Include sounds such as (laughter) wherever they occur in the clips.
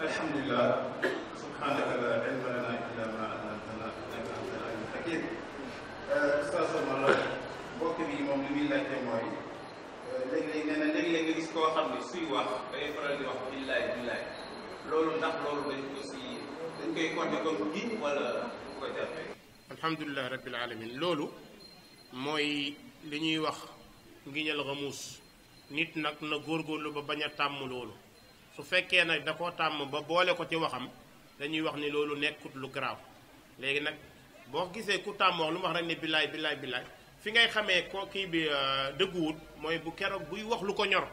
alhamdulilah subhanaka la ilma lana illa ma allamtana innaka anta alim hakim eh, sa sama la bokk bi moom li muy laajte mooy eh, léeg-léeg nee na léeg-léeg nga gis koo xam ne suy wax day faral di wax billaay billaay loolu ndax loolu dañ ko si dañ koy compté comme ji wala bu ko jàppee alhamdulilah rabbil alamin loolu mooy li ñuy wax ngiñal xamuus nit nag na góorgóorlu ba bañ a tàmm loolu su fekkee nag da koo tàmm ba boole ko ci waxam dañuy wax ni loolu nekkut lu garaaw léegi nag boo gisee ku tàmm wax lu mu wax rek ne billaay billaay billaay fi ngay xamee ko kii bi euh, dëgguwut mooy bu keroog buy wax lu ko ñor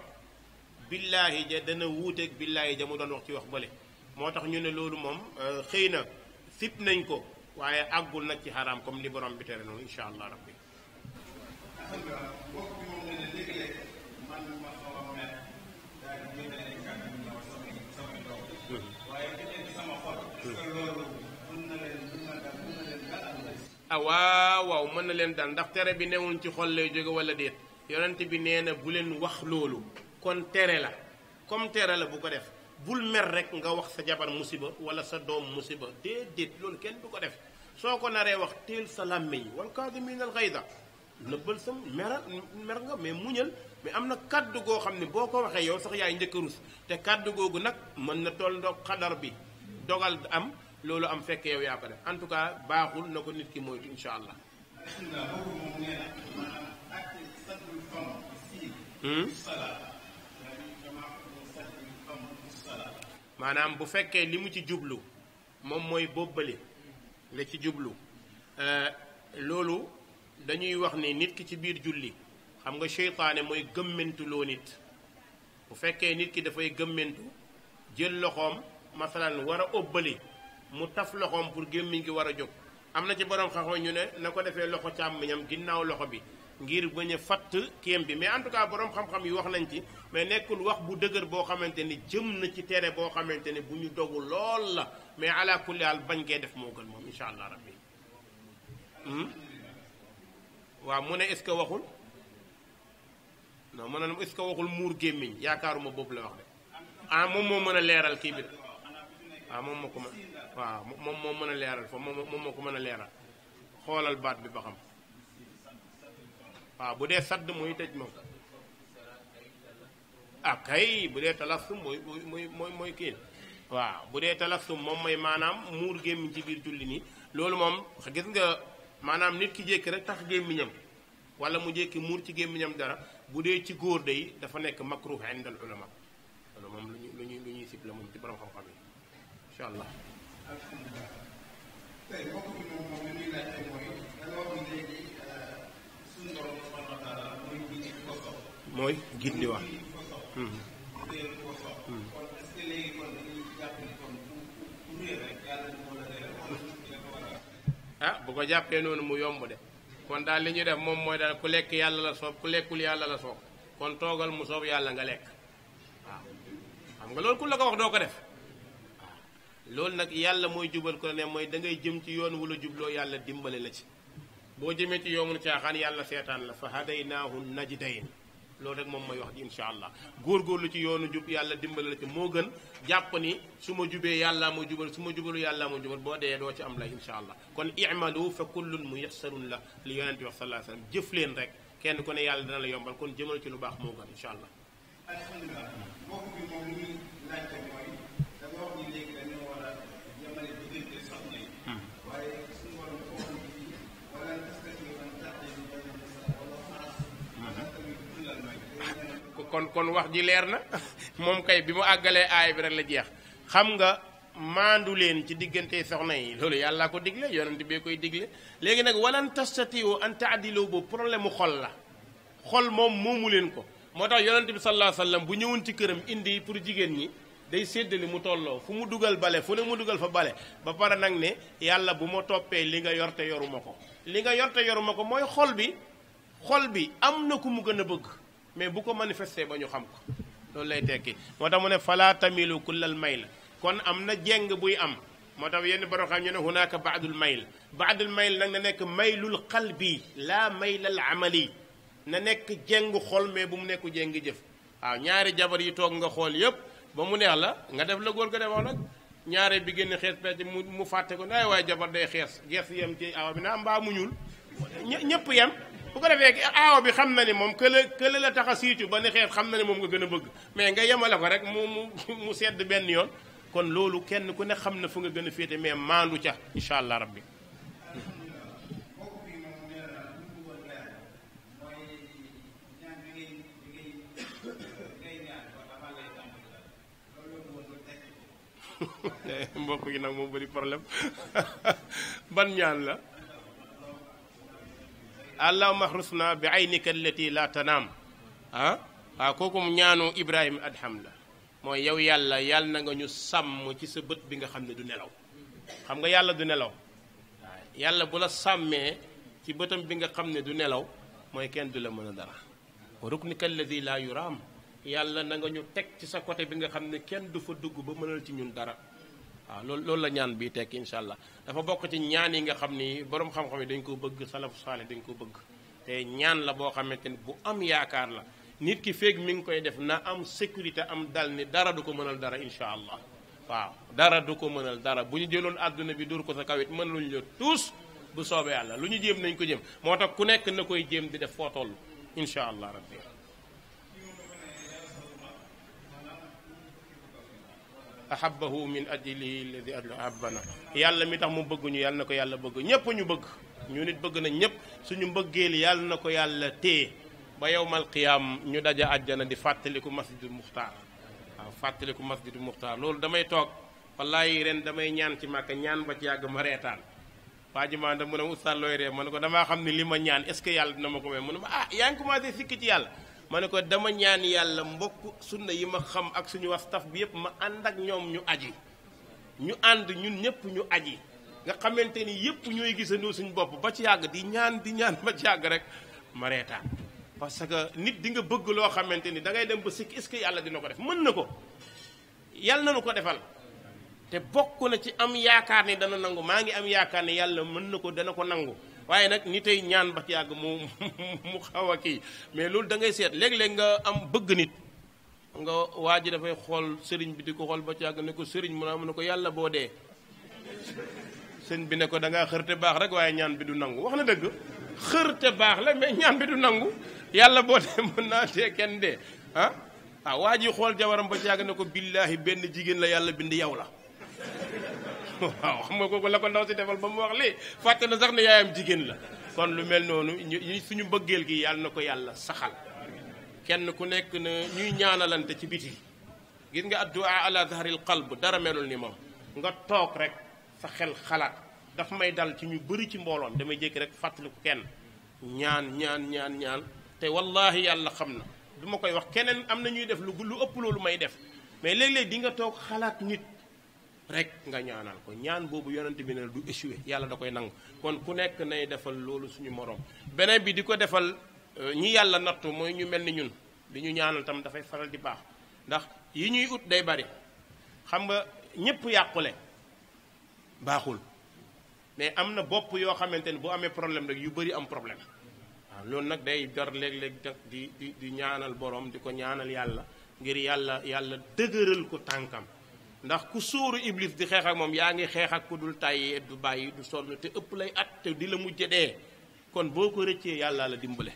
billaahi ja dana wuuteeg billaahi ja mu doon wax ci wax bële moo tax ñu ne loolu moom euh, xëy na sib nañ ko waaye àggul nag ci xaraam comme li borom bi tere noonu incha allah rabbi euh, man ah waaw waaw mën na leen dal ndax tere bi newul ci xol lay jóge wala déet yonent bi nee na bu leen wax loolu kon tere la comme tere la bu ko def bul mer rek nga wax sa jabar musiba wala sa doom musiba déedéet loolu kenn du ko def soo ko naree wax teel sa làmmiñ wal kaadimiina al xayda nëbbal sam mer mer nga mais muñal mais am na kaddu goo xam ne boo ko waxee yow sax yaay njëkk rus te kàdd googu nag mën na toll ndox xadar bi dogal am loolu am fekk yow yaa ko def en tout cas baaxul na ko nit ki moytu incha allah. Hmm? maanaam bu fekkee li mu ci jublu moom mooy bobbali la ci jublu euh, loolu. dañuy wax ni nit ki ci biir julli xam nga seytaane mooy gëmmentuloo nit bu fekkee nit ki dafay gëmmentu jël loxoom masalan war a óbbali mu taf loxoom pour gémmiñ gi war a jóg am na ci borom xam-xam ñu ne na ko defee loxo càmmiñam ginnaaw loxo bi ngir bañ a fatt kéem bi mais en tout cas borom xam yi wax nañ ci mais nekkul wax bu dëgër boo xamante ni jëm na ci tere boo xamante ni bu ñu dogu lool la mais ala kulli bañ gee def moo gën moom incha allah rabbi hmm? waaw mu ne est-ce que waxul non mu ne est-ce muur gémmiñ yaakaaruma boobu la wax de ah moom moo mën a leeral kii bi de waaw ah, moom moo ko mën moom moo mën a leeral fa moom moo ko mën a leeral xoolal baat bi ba xam waaw bu dee sadd muy tëj moom ah kay bu dee talassum mooy mooy mooy mooy kii waaw bu dee talassum moom mooy maanaam muur gémmiñ ci biir julli nii loolu moom gis nga maanaam nit ki jékki rek tax gémmiñam wala mu jékki muur ci gémmiñam dara bu dee ci góor day dafa nekk makruh inda moom lu ñuy lu ñuy lu ci borom xam-xam allah. mooy da Ah, bu ko jàppee noonu mu yomb de kon daal li ñu def moom mooy daal ku lekk yàlla la soob ku lekkul yàlla la soob kon toogal mu soob yàlla nga lekk waaw xam nga loolu ku la ko wax doo ko def waaw loolu nag yàlla mooy jubal ko ne mooy da ngay jëm ci yoon wala jubloo yàlla dimbali la ci boo jëmee ci yoonu caaxaan yàlla seetaan la fa hadaynahu najdayn loolu rek moom mooy wax ji incha allah góorgóorlu ci yoonu jub yàlla dimbali la ci moo gën jàpp ni su ma jubee yàllaa ma jubal su ma jubalu yàlla ma jubal boo dee doo ci am lay incha allah kon imalu fa kullun muyassarun la li yonente bi wax sallallahu alayhi wasallam jëf leen rek kenn ku ne yàlla dina la yombal kon jëmal ci lu baax moo gën incha allah. kon kon wax ji leer na moom kay bi mu àggalee aay bi rek la jeex xam nga maandu leen ci diggante soxna yi loolu yàllaa ko digle yonent bee koy digle léegi nag walan tastatiu an taadilu boobu problème mu xol la xol moom moomu leen ko moo tax yonent bi sallallahu alayhi wasallam bu ñëwoon ci këram indi pour jigéen ñi day séddali mu tolloo fu mu dugal bale fu ne mu dugal fa bale ba pare nag ne yàlla bu ma toppee li nga yorte yoruma ko li nga yorte yoruma ko mooy xol bi xol bi am na ku mu gën a bëgg mais bu ko manifesté ba ñu xam ko loolu lay tekki moo tax mu ne ku tamilu may la kon am na jeng buy am moo tax yenn borom xam ñu ne hunaka baadul mayl baadul mayl nag na nekk maylul qalbi la maylal amali na nekk jengu xol mais bu mu nekku jeng jëf waaw ñaari jabar yi toog nga xool yëpp ba mu neex la nga def la góor ga defoon nag ñaare bi génn xees pecc mu mu fàtte ko ndaay waaye jabar day xees gees yem ci awa bi naa mbaa mu ñuul ñëpp yem bu ko defee aaw bi xam na ni moom kële kële la tax a siicu ba ni xeet xam na ni moom nga gën a bëgg mais nga yemale ko rek mu mu sedd benn yoon kon loolu kenn ku ne xam ne fu nga gën a féete mais maandu ca incha allah rabbi yi (laughs) (laughs) nag moo bëri problème (laughs) ban ñaan la allahumma axrusna bi aynika allati la tanaam ah waaw ah, kooku mu ñaanu ibrahima adham la mooy yow yàlla yàlla na nga ñu sàmm ci sa bët bi nga xam ne du nelaw xam nga yàlla du nelaw ah, yàlla bu la sàmmee ci bëtam bi nga xam ne du nelaw mooy kenn du la mën a dara ruknika alladi laa yuraam yàlla na nga ñu teg ci sa côté bi nga xam ne kenn du fa dugg ba mënal ci ñun dara waaw loolu loolu la ñaan bii tekki incha allah dafa bokk ci ñaan yi nga xam ni borom xam-xam yi dañ ko bëgg salafu saalih dañ ko bëgg te ñaan la boo xamante ni bu am yaakaar la nit ki feeg mi ngi koy def na am sécurité am dal ni dara du ko mënal dara incha allah waaw dara du ko mënal dara bu ñu jëloon àdduna bi dur ko sa kawit mën luñu la tous bu soobee yàlla lu ñu jéem nañ ko jéem moo tax ku nekk na koy jéem di def foo toll incha allah rabbi ahabahu min ajlihi alladi ahabbana yàlla mi tax mu bëgguñu yàlla na ko yàlla bëgg ñëpp ñu bëgg ñu nit bëgg nañ ñëpp suñu mbëggeel yàlla na ko yàlla téye ba yowmal qiyaam ñu daje àjjana di fàttaliku masjidul muxtaar waaw fàttaliku masjidul muxtaar loolu damay toog wallaay ren damay ñaan ci màkka ñaan ba ci yàgg ma reetaan waa ji am mu looy ree ma ne ko damaa xam ne li ma ñaan est ce que yàlla dina ma ko may mu ma ah yaa ngi commencé sikki ci yàlla ma ne ko dama ñaan yàlla mbokk sunna yi ma xam ak suñu wastaf bi yëpp ma ànd ak ñoom ñu aji ñu ànd ñun ñëpp ñu aji nga xamante ni yëpp ñooy gisandoo suñu bopp ba ci yàgg di ñaan di ñaan ba ci yàgg rek ma reetaan parce que nit di nga bëgg loo xamante ni dangay dem ba sikk est-ce que yàlla dina ko def mën na ko yàlla na nu ko defal te bokk na ci am yaakaar ni dana nangu maa ngi am yaakaar ne yàlla mën na ko dana ko nangu waaye nag ni tey ñaan ba ci yàgg mu (laughs) mu xaw a kii mais loolu da ngay seet léeg-léeg nga am bëgg nit nga waa ji dafay xool sëriñ bi di ko xool ba ci ne ko sëriñ mu ne ko yàlla boo dee sëñ bi ne ko da ngaa xërte baax rek waaye ñaan bi du nangu wax na dëgg xërte baax la mais ñaan bi du nangu yàlla boo dee mën naa dee kenn dee ah ah waa ji xool jabaram ba ci yàgg ne ko billaahi benn jigéen la yàlla bind yow la waaw xam nga kooku la ko ndaw si defal ba mu wax lii fàtte na sax ne yaayam jigéen la kon lu mel noonu ñu suñu bëggeel gi yàlla na ko yàlla saxal kenn ku nekk na ñuy ñaanalante ci biti gis nga addu'a ala zahril qalb dara melul ni moom nga toog rek sa xel xalaat daf may dal ci ñu bëri ci mbooloon damay jékki rek fàttaliku kenn ñaan ñaan ñaan ñaan te wallahi yàlla xam na du ma koy wax keneen am na ñuy def lu lu ëpp loolu may def mais léeg-léeg di rek nga ñaanal ko ñaan boobu yonent bi ne du échoué yàlla da koy nangu kon ku nekk nay defal loolu suñu moroom beneen bi di ko defal euh, ñi yàlla nattu mooy ñu mel ni ñun li ñu ñaanal tam dafay faral di baax ndax yi ñuy ut day bari xam nga ñépp yàqule baaxul mais am na bopp yoo xamante ni bu amee problème rek yu bari am problème waaw loolu nag day jar léeg-léeg di di di ñaanal boroom di ko ñaanal yàlla ngir yàlla yàlla dëgëral ko tànkam ndax ku sóoru iblis di xeex ak moom yaa ngi xeex ak ku dul tàyyi du bàyyi du sonn te ëpp lay at te di la mujje dee kon boo ko rëccee yàlla la dimbale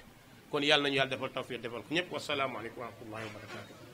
kon yàlla nañu yàlla defal tawfiq defal ko ñëpp wasalaamualeykum wa rahmatullahi wa barakatu